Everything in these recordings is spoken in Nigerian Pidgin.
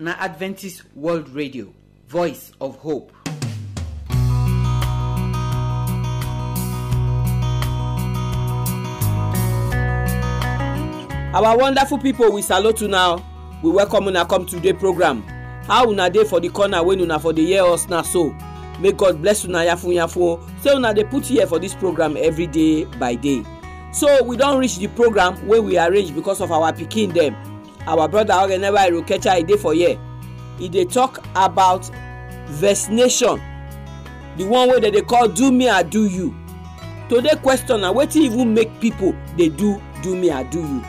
na adventist world radio voice of hope our wonderful people, we salute you now we welcome una come today program how una dey for the corner wey una for dey hear us na so may god bless una yafun yafun say una dey put ear for this program every day by day so we don reach the program wey we arrange because of our pikin dem our brother oreneva irokecha e dey for here e dey talk about vaccination the one wey dem dey call do me i do you today question na wetin even make people dey do do me i do you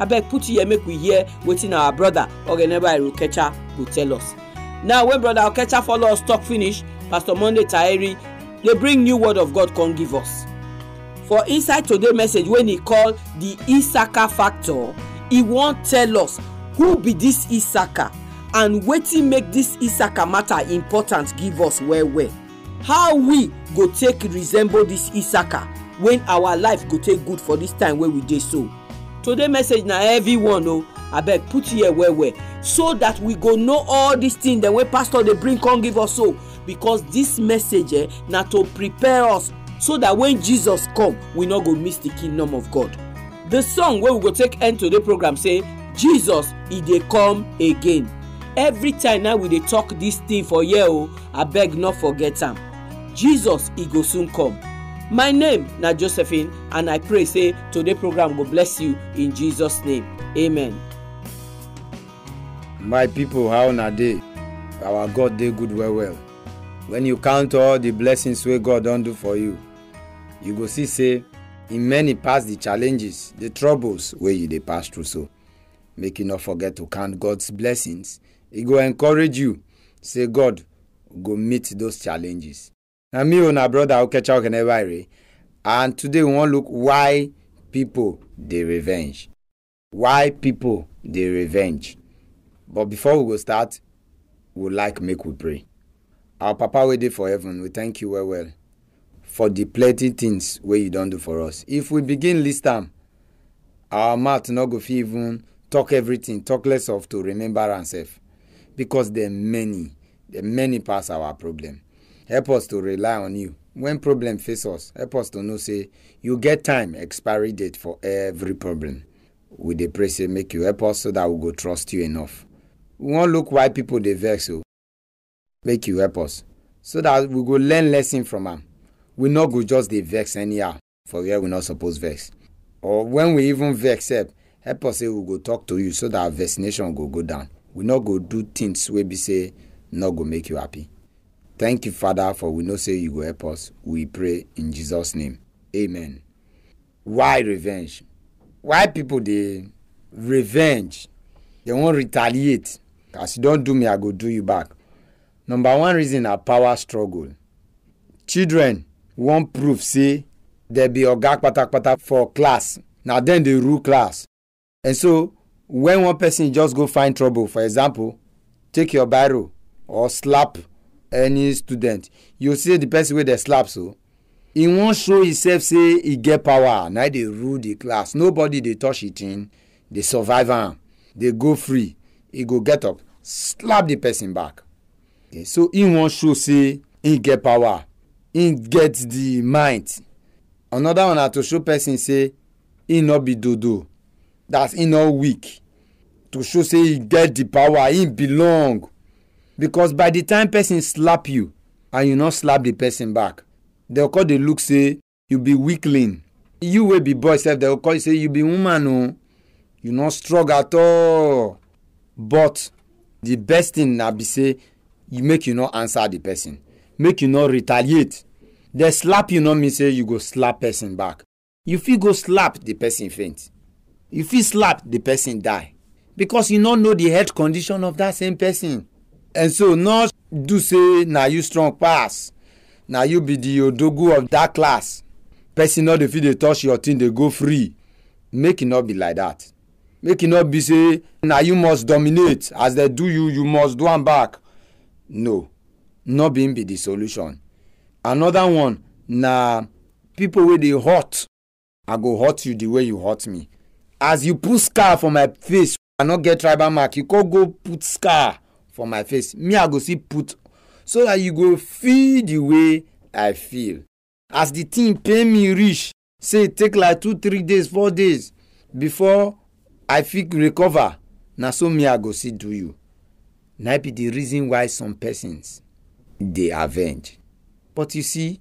abeg put ear make we hear wetin our brother oreneva irokecha go tell us now when brother okecha follow us talk finish pastor monday taeri dey bring new word of god come give us for inside today message wey he call the isaka factor he wan tell us who be this isaka and wetin make this isaka matter important give us well well how we go take resemble this isaka when our life go take good for this time wey we dey so today message na everyone o oh. abeg put ear well well so that we go know all these things dem wey pastor dey bring come give us so oh. because this message eh, na to prepare us so that when jesus come we no go miss the kingdom of god the song wey we go take end today program say jesus e dey come again every time now we dey talk this thing for here o abeg no forget am jesus e go soon come my name na josephine and i pray say today program go bless you in jesus name amen. my people how una dey our god dey good well well when you count all the blessings wey god don do for you you go see say e many pass the challenges the troubles wey you dey pass through so make you not forget to count god's blessings e go encourage you say god go meet those challenges na me una brother okecha okenebare and today we wan look why people dey revenge why people dey revenge but before we go start we we'll like make we pray our papa wey dey for heaven we thank you well well for the plenty things wey you don do for us if we begin list am our mouth no go fit even talk everything, talk less of to remember ourselves. Because there are many, there are many past our problem. Help us to rely on you. When problem face us, help us to know say you get time, expiry date for every problem. We dey pray say make you help us so that we go trust you enough. We won't look why people they vex so Make you help us so that we go learn lesson from them. We not go just they vex anyhow for where we not suppose vex. Or when we even vex up. help us say we go talk to you so that vaccination go go down we no go do things wey be say no go make you happy thank you father for we know say you go help us we pray in jesus name amen why revenge why people dey revenge they wan retaliate as you don do me i go do you back number one reason na power struggle children wan prove say dem be oga kpatakpata for class na dem dey rule class And so when one person just go find trouble, for example, take your barrel or slap any student, you see the person wey dey slap so. He wan show himself say he get power na dey rule the class. Nobody dey touch him thing, dey survive am, dey go free. He go get up, slap the person back. Okay, so he wan show say he get power, he get the mind. Another one na to show person say he no be dodo that he not weak to show say he get the power he belong because by the time person slap you and you no slap the person back they go come dey look say you be weakling you wey be boy sef they go come say you be woman o oh. you no strong at all but the best thing na be say you make you no answer the person make you no retaliate dey slap you no mean say you go slap person back you fit go slap the person faint you fit slap the person die because you no know the health condition of that same person and so not do say na you strong pass na you be the odogu of that class person no dey fit dey touch your thing dey go free make e no be like that make e no be say na you must dominate as they do you you must do am back no no be im be the solution another one na people wey dey hurt i go hurt you the way you hurt me as you put scar for my face i no get tribal mark you come go put scar for my face me i go still put so that you go feel the way i feel as the thing pain me reach say e take like two three days four days before i fit recover na so me i go still do you na be the reason why some persons dey avenge but you see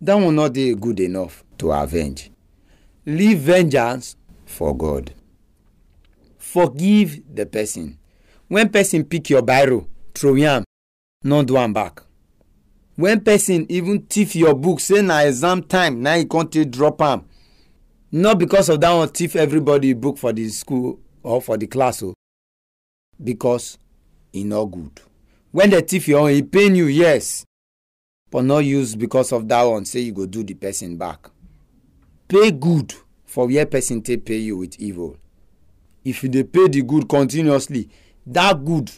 that one no dey good enough to avenge leave vengeance for God. Forgive the person. When person pick your biro, throw yam, not do one back. When person even thief your book, say na exam time, now you can't drop him. Not because of that one thief everybody book for the school or for the class o. Oh. Because he no good. When the thief your own, e pain you, yes. But no use because of that one, say you go do the person back. Pay good for where person take pay you with evil if you dey pay the good continuously that good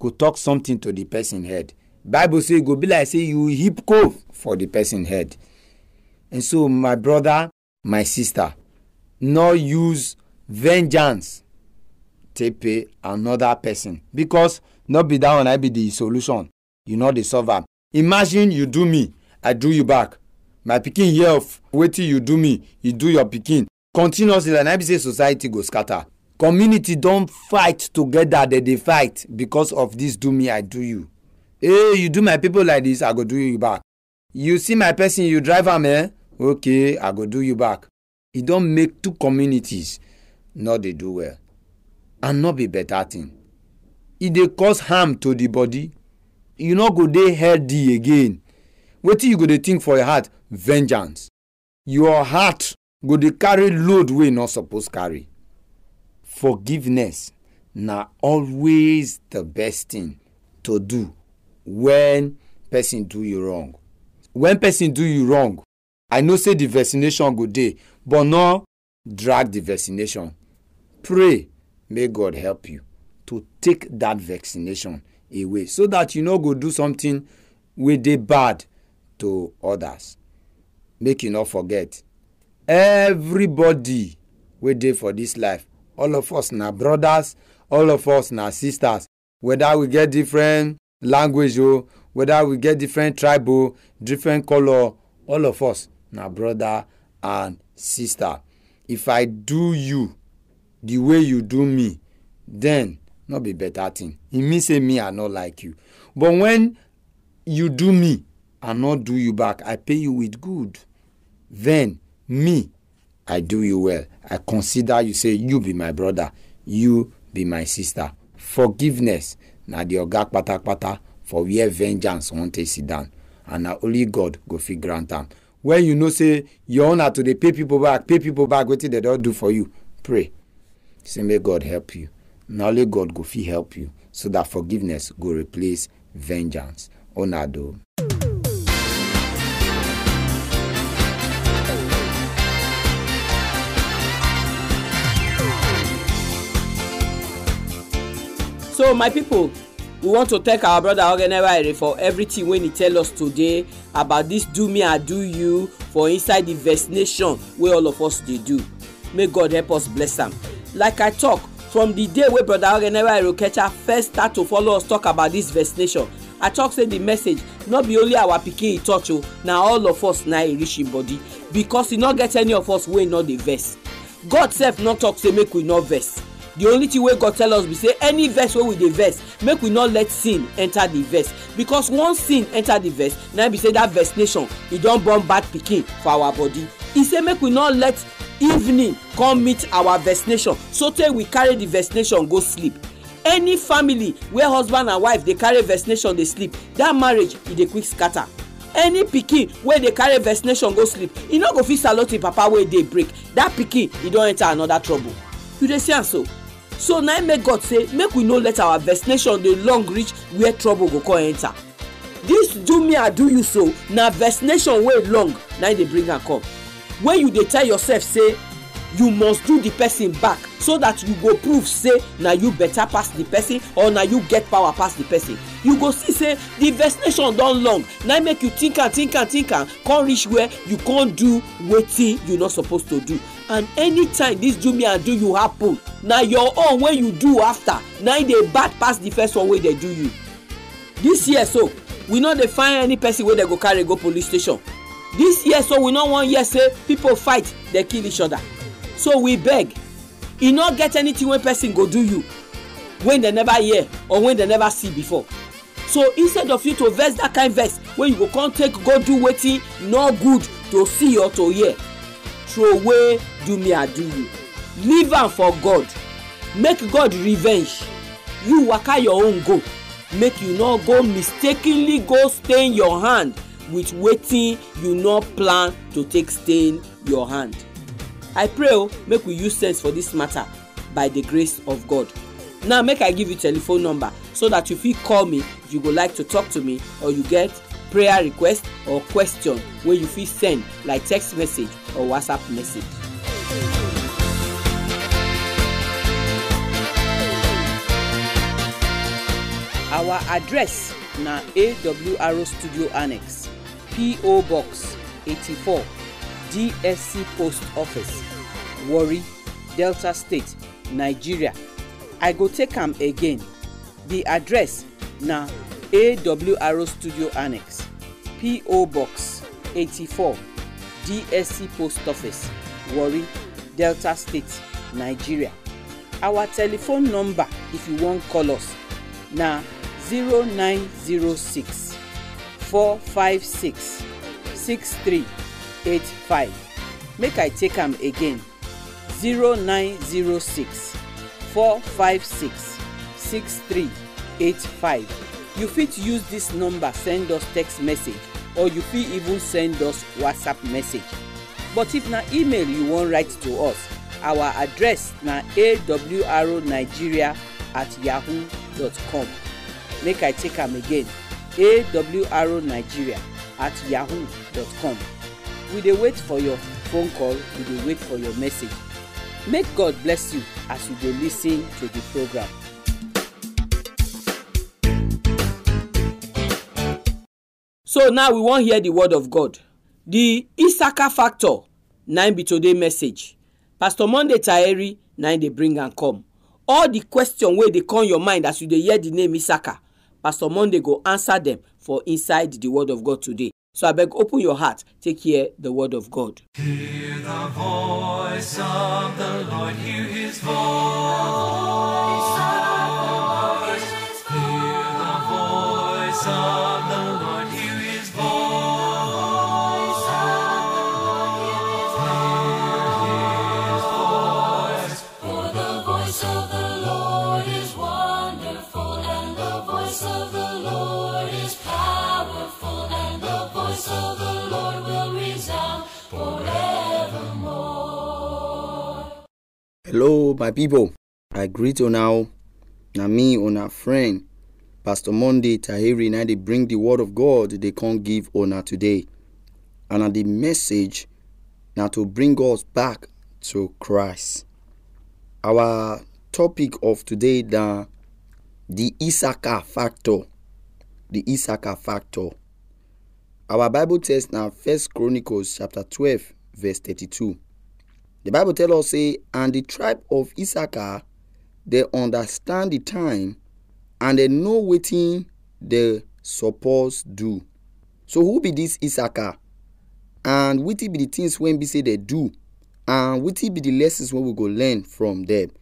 go talk something to the person head bible say e go be like say you heap coal for the person head and so my brother my sister no use vengeance take pay another person because no be that one i be the solution you no dey solve am imagine you do me i do you back my pikin hear of wetin you do me you do your pikin continuously na im be say society go scatter community don fight together dem dey fight because of this do me i do you hey you do my people like this i go do you back you see my person you drive am eh okay i go do you back e don make two communities no dey do well and no be better thing e dey cause harm to the body you no go dey healthy again wetin you go dey think for your heart vengeance your heart go dey carry load wey e no suppose carry forgiveness na always the best thing to do when person do you wrong when person do you wrong i know say the vaccination go dey but no drag the vaccination pray may god help you to take that vaccination away so that you no go do something wey dey bad to others make you no forget everybody wey dey for this life all of us na brothers all of us na sisters whether we get different language o whether we get different tribe o different color, all of us na brother and sister if i do you the way you do me then no be better thing e mean say me i no like you but when you do me i no do you back i pay you with good then me i do you well i consider you say you be my brother you be my sister forgiveness na the oga kpatakpata for where vengeance wan take sit down and na only god go fit grant am when you know say your honor to dey pay people back pay people back wetin dem don do for you pray say may god help you na only god go fit help you so that forgiveness go replace vengeance una do. so my people we want to thank our brother ogenera ere for everything wey he tell us today about this do me and do you for inside the vex nation wey all of us dey do may god help us bless am like i talk from the day wey brother ogenera ere okecha first start to follow us talk about this vex nation i talk say the message no be only our pikin e touch o na all of us na e reach im body because e no get any of us wey no dey vex god sef no talk say make we no vex the only thing wey god tell us be say any verse wey we dey verse make we not let sin enter the verse because once sin enter the verse na be say that verse nation e don born bad pikin for our body e say make we not let evening come meet our verse nation so tey we carry the verse nation go sleep any family where husband and wife dey carry verse nation dey sleep that marriage e dey quick scatter any pikin wey dey carry vex nation go sleep e no go fit salute im papa wey dey break that pikin e don enter another trouble you dey see am so so na im make god say make we no let our vaccination dey long reach where trouble go come enter this do me i do you so na vaccination wey long na im dey bring am come when you dey tell yourself say you must do the person back so that you go prove say na you better pass the person or na you get power pass the person you go see say the vaccination don long na make you think am think am think am come reach where you come do wetin you no suppose to do and anytime this do me and do you happen na your own wey you do after na e dey bad pass the first one wey dey do you this year so we no dey find any person wey dey go carry go police station this year so we no wan hear say people fight dey kill each other so we beg e no get anything wey person go do you wey dem never hear or wey dem never see before so instead of you to vex that kind vex wey you go come take go do wetin no good to see or to hear throway do me i do you leave am for god make god revenge you waka your own go make you no go mistakenly go stain your hand with wetin you no plan to take stain your hand i pray o oh, make we use sense for this matter by the grace of god now make i give you telephone number so that you fit call me if you go like to talk to me or you get prayer request or question wey you fit send like text message or whatsapp message. our address na awro studio annex po box eighty-four DSC Post Office, Warri, Delta State, Nigeria. I go take am again. The address na AWR Studio Annex, PO Box 84, DSC Post Office, Warri, Delta State, Nigeria. Our telephone number if you wan call us na zero zero nine six four five six six three. Eight five, make i take am again Zero zero nine six six six four five three eight five. you fit use this number send us text message or you fit even send us whatsapp message but if na email you wan write to us our address na awrnigeria at yahoo dot com make i take am again awrnigeria at yahoo dot com we dey wait for your phone call we dey wait for your message make god bless you as you dey lis ten to the program. so now we wan hear the word of god the isaka factor na im be today message pastor monday taeri na im dey bring am come all the question wey dey come your mind as you dey hear the name isaka pastor monday go answer them for inside the word of god today so I beg, open your heart, take here the word of God. Hear the voice of the Lord, hear his voice. hello my people. i greet you now. na me una friend pastor monday tahiri na they bring the word of god They can't give honor today and na the message now to bring us back to christ our topic of today the the issachar factor the issachar factor our bible test now first chronicles chapter twelve verse thirty-two The Bible tells us, say, and the tribe of Issachar, they understand the time and they know waiting they suppose do. So who be this Issachar? And what be the things when be say they do? And what be the lessons when we go learn from them?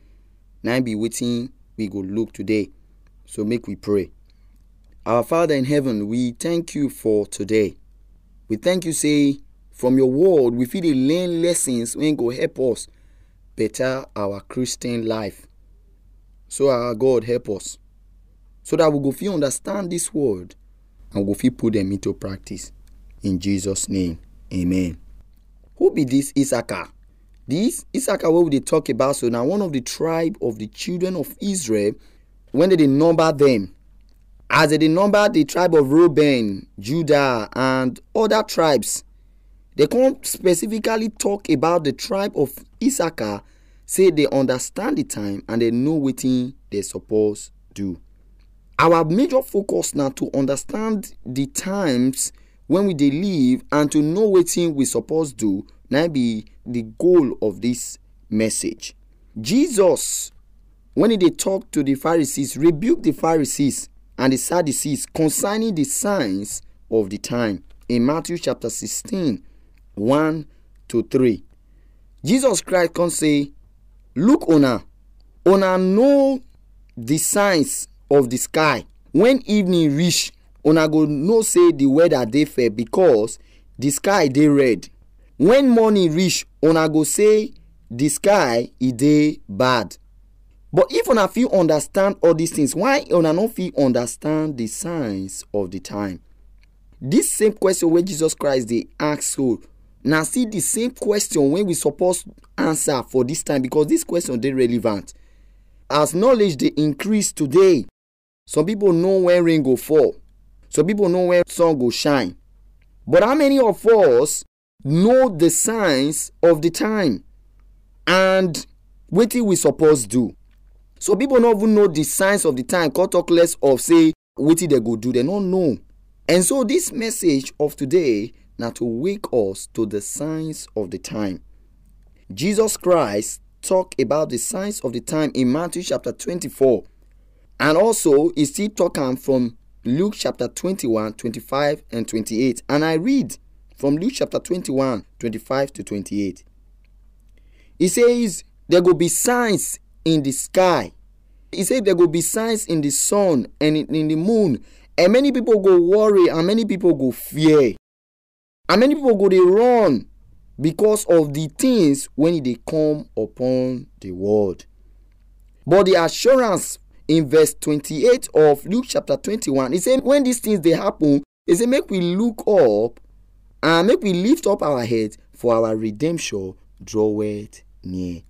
Now be waiting we go look today. So make we pray. Our Father in heaven, we thank you for today. We thank you, say, From your word, we fit dey learn lessons wey go help us better our Christian life. So our God help us. So that we go fit understand this word and we go fit put them into practice. In Jesus' name, amen. Who be this Issachar? This Issachar wey we dey talk about so na one of the tribe of the children of Israel when they dey number them. As they dey number the tribe of Reuben, Judah and other tribes They can't specifically talk about the tribe of Issachar, say they understand the time and they know wetin they suppose do. Our major focus now to understand the times when we dey live and to know wetin we suppose do na be the goal of this message. Jesus when he dey talk to the Pharisees rebuke the Pharisees and the Sadducees concerning the signs of the time in Matthew chapter sixteen. 1 to 3. Jesus Christ can say, Look on her, on her know the signs of the sky. When evening reach, on her go know say the weather dey fair because the sky dey red. When morning reach, on her go say the sky e dey bad. But if una fit understand all these things, why una no fit understand the signs of the time? This same question wey Jesus Christ they ask so na see the same question wey we suppose answer for this time because this question dey relevant as knowledge dey increase today some people know when rain go fall some people know when sun go shine but how many of us know the signs of the time and wetin we suppose do so people no even know the signs of the time come talk less of say wetin dem go do They no know and so this message of today now to wake us to the signs of the time. Jesus Christ talked about the signs of the time in Matthew chapter 24. And also, he still talking from Luke chapter 21, 25, and 28. And I read from Luke chapter 21, 25 to 28. He says, There will be signs in the sky. He said, There will be signs in the sun and in the moon. And many people go worry and many people go fear. And many people go dey run because of the things when e dey come upon the world. But the assurance in verse twenty-eight of Luke chapter twenty-one, e say when these things dey happen, e say make we look up and make we lift up our head for our redemption draw draweth near.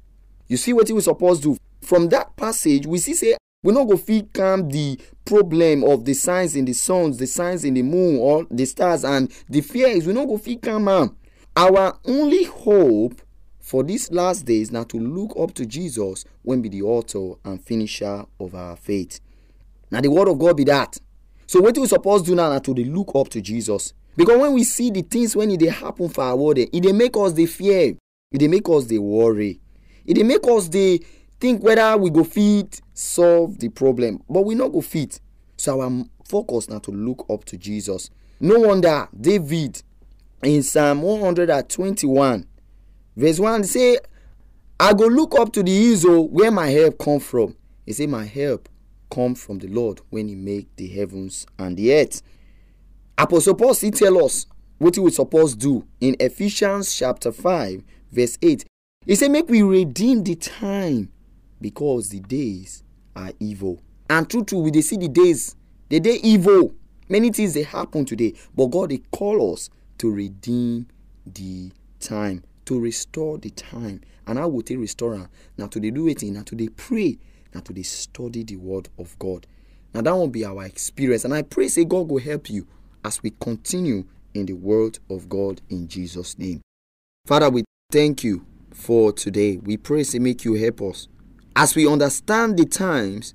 You see wetin we suppose do? From that passage, we see say we no go fit calm di problem of the signs in the suns the signs in the moon or the stars and di fears we no go fit calm am our only hope for these last days na to look up to jesus wey be the author and finisher of our faith na the word of god be that so wetin we suppose do now na to dey look up to jesus because when we see the things wey e dey happen for our world e dey make us dey fear e dey make us dey worry e dey make us dey think whether we go fit solve the problem but we no go fit so our focus na to look up to jesus no wonder david in psalm 121 verse 1 say i go look up to the hills oh, where my help come from he say my help come from the lord when he make the heavens and the earth apostle paul still tell us wetin we suppose do in ephesians chapter 5 verse 8 he say make we redeem the time because the days are evil. And true, true, we they see the days, the day evil. Many things they happen today, but God they call us to redeem the time, to restore the time. And I will take restorer. Now to they do it, now to they pray, now to they study the word of God. Now that will be our experience. And I pray say God will help you as we continue in the word of God in Jesus' name. Father, we thank you for today. We pray say make you help us as we understand the times,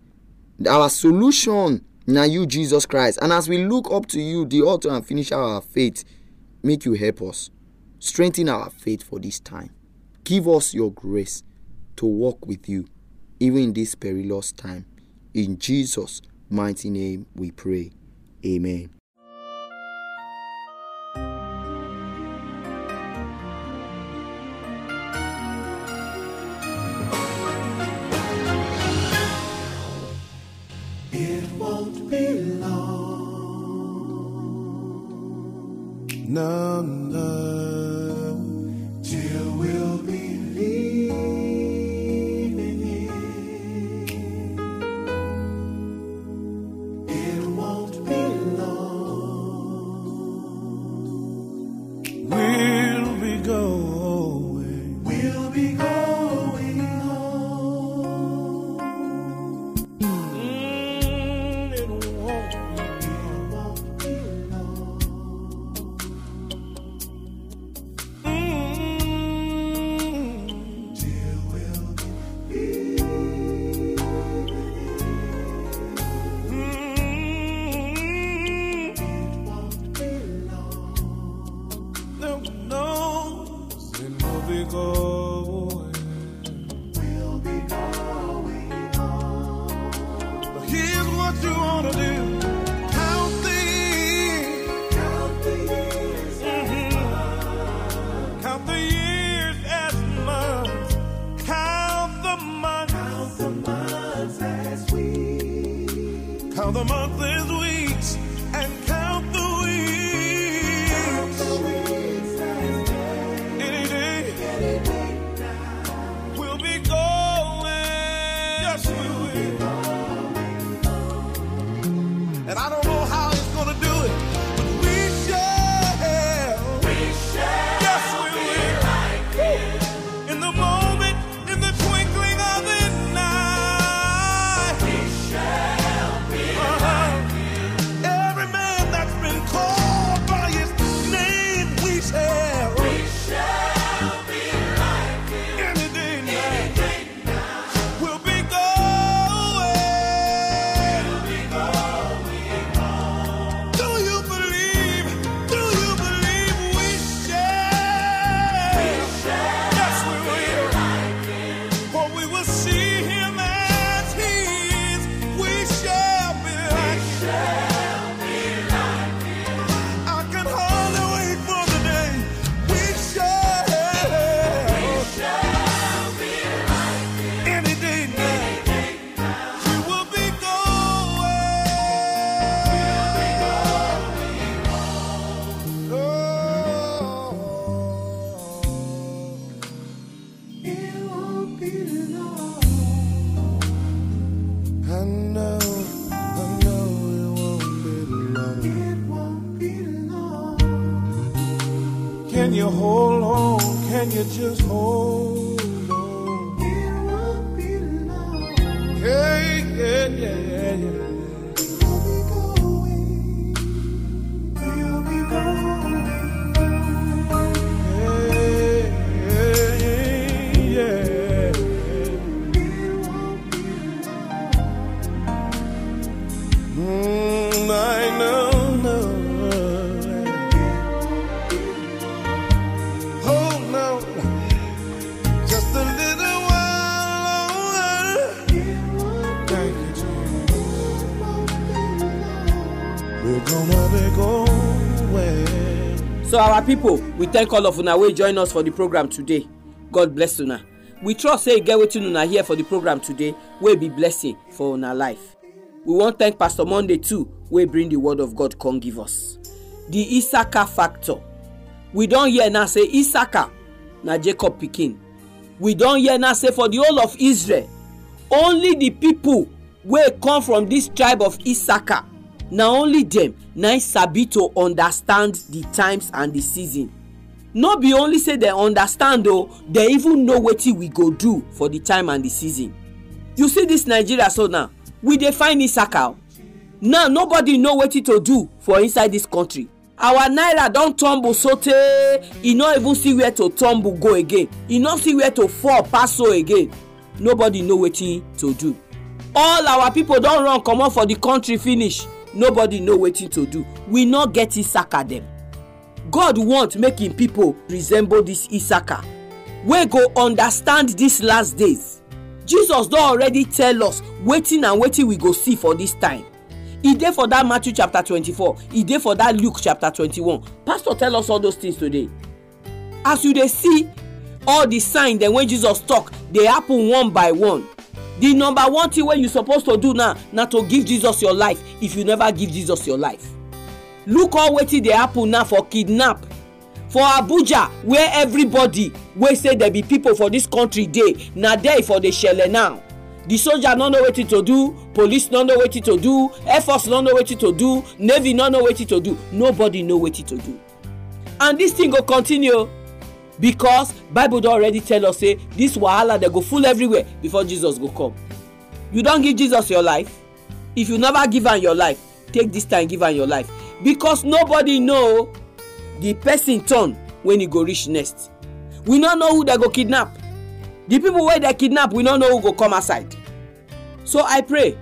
our solution now you, Jesus Christ. And as we look up to you, the author and finisher of our faith, make you help us. Strengthen our faith for this time. Give us your grace to walk with you, even in this perilous time. In Jesus' mighty name we pray. Amen. just hold. so our people we thank all of una wey join us for the program today god bless una we trust say e get wetin una hear for the program today wey be blessing for una life we wan thank pastor monday too wey bring the word of god come give us the isaka factor we don hear now say isaka na jacob pikin we don hear now say for the whole of israel only the people wey come from this tribe of isaka na only dem na sabi to understand the times and the season no be only say dem understand o dem even know wetin we go do for the time and the season you see this nigeria so now we dey find isaka now nobody know wetin to do for inside this country our naira don tumble so sotey e no even see where to tumble go again e no see where to fall pass so again nobody know wetin to do all our people don run comot for the country finish nobody know wetin to do we no get isaka dem god want make im pipo resemble dis isaka wey go understand dis last days jesus don already tell us wetin and wetin we go see for dis time e dey for dat matthew chapter twenty four. e dey for dat luke chapter twenty one. pastor tell us all those things today as you dey see all the sign dem wey jesus talk dey happen one by one the number one thing wey you suppose to do now na to give jesus your life if you never give jesus your life look all wetin dey happen now for kidnap for abuja where everybody wey say there be people for dis country dey na there e for dey shele now the soldier no know wetin to do police no know wetin to do air force no know wetin to do navy no know wetin to do nobody know wetin to do and dis thing go continue because bible don already tell us say this wahala dey go full everywhere before jesus go come you don give jesus your life if you never give am your life take this time give am your life because nobody know the person turn when e go reach next we no know who dey go kidnap the people wey dey kidnap we no know who go come aside. so i pray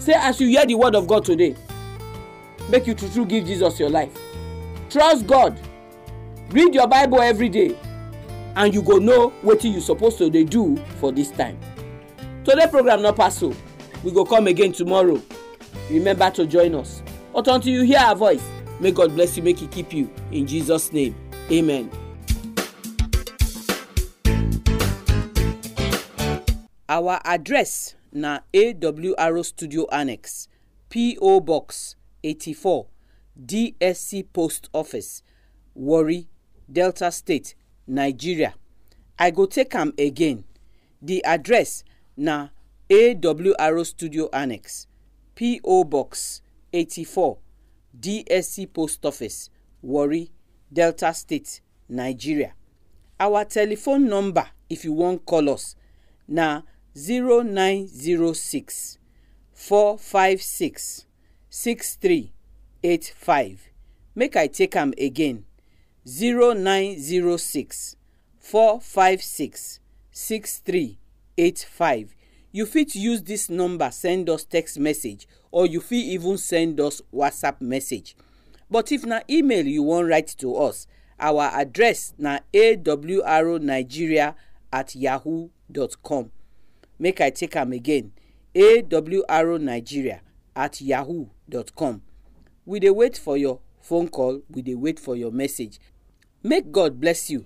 say as you hear the word of god today make you true true give jesus your life trust god read your bible every day and you go know wetin you suppose to dey do for this time today program no pass o we go come again tomorrow remember to join us but until you hear our voice may god bless you make he keep you in jesus name amen. our address na awro studio annex po box eighty-four dsc post office warri delta state nigeria i go take am again di address na awr studio annex p.o box eighty-four dsc post office warri delta state nigeria our telephone number if you wan call us na zero nine zero six four five six six three eight five make i take am again zero nine zero six four five six six three eight five you fit use this number send us text message or you fit even send us whatsapp message but if na email you wan write to us our address na awrnigeria at yahoo dot com make i take am again awrnigeria at yahoo dot com we dey wait for your phone call we dey wait for your message May God bless you.